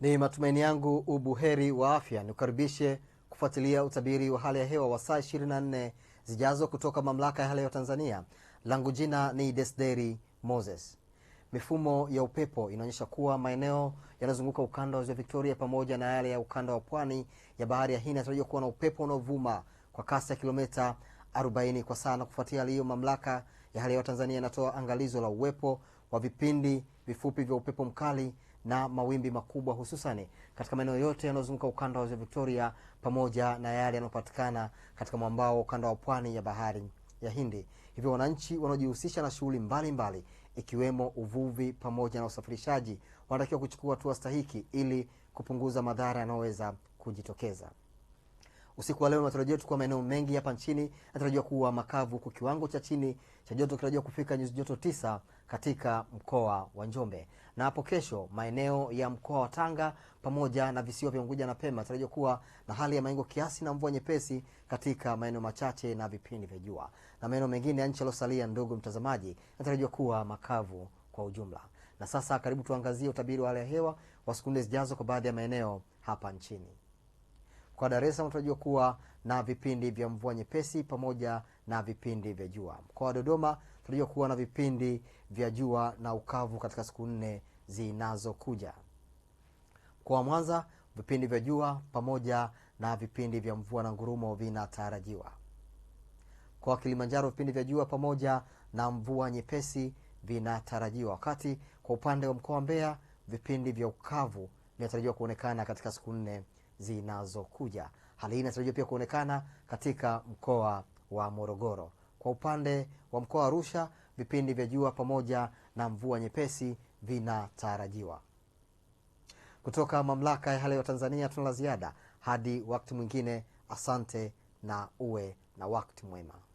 Ni matumaini yangu ubuheri wa afya. Nikukaribishe kufuatilia utabiri wa hali ya hewa wa saa 24 zijazo kutoka Mamlaka ya Hali ya Hewa Tanzania. Langu jina ni desderi Moses. Mifumo ya upepo inaonyesha kuwa maeneo yanayozunguka ukanda wa Ziwa Victoria pamoja na yale ya ukanda wa pwani ya bahari ya Hindi yanatarajiwa kuwa na upepo unaovuma kwa kasi ya kilometa 40 kwa saa, na kufuatia hali hiyo, Mamlaka ya Hali ya Hewa Tanzania inatoa angalizo la uwepo wa vipindi vifupi vya upepo mkali na mawimbi makubwa hususani katika maeneo yote yanayozunguka ukanda wa ziwa Victoria pamoja na yale yanayopatikana katika mwambao wa ukanda wa pwani ya bahari ya Hindi. Hivyo wananchi wanaojihusisha na shughuli mbalimbali ikiwemo uvuvi pamoja na usafirishaji wanatakiwa kuchukua hatua stahiki ili kupunguza madhara yanayoweza kujitokeza. Usiku wa leo matarajio yetu kwa maeneo mengi hapa nchini yanatarajiwa kuwa makavu huku kiwango cha chini cha joto kinatarajiwa kufika nyuzi joto tisa katika mkoa wa Njombe. Na hapo kesho maeneo ya mkoa wa Tanga pamoja na visiwa vya Unguja na Pemba yanatarajiwa kuwa na hali ya mawingu kiasi na mvua nyepesi katika maeneo machache na vipindi vya jua. Na maeneo mengine ya nchi yaliyosalia, ndugu mtazamaji, yanatarajiwa kuwa makavu kwa ujumla. Na sasa karibu tuangazie utabiri wa hali ya hewa wa siku nne zijazo kwa baadhi ya maeneo hapa nchini. Kwa Dar es Salaam tunajua kuwa na vipindi vya mvua nyepesi pamoja na vipindi vya jua. Mkoa wa Dodoma tunajua kuwa na vipindi vya jua na ukavu katika siku nne zinazokuja. Mkoa wa Mwanza vipindi vya jua pamoja na vipindi vya mvua na ngurumo vinatarajiwa. Mkoa wa Kilimanjaro vipindi vya jua pamoja na mvua nyepesi vinatarajiwa, wakati kwa upande wa mkoa wa Mbeya vipindi vya ukavu vinatarajiwa kuonekana katika siku nne zinazokuja. Hali hii inatarajiwa pia kuonekana katika mkoa wa Morogoro. Kwa upande wa mkoa wa Arusha, vipindi vya jua pamoja na mvua nyepesi vinatarajiwa. Kutoka mamlaka ya hali ya Tanzania, tuna la ziada hadi wakati mwingine. Asante na uwe na wakati mwema.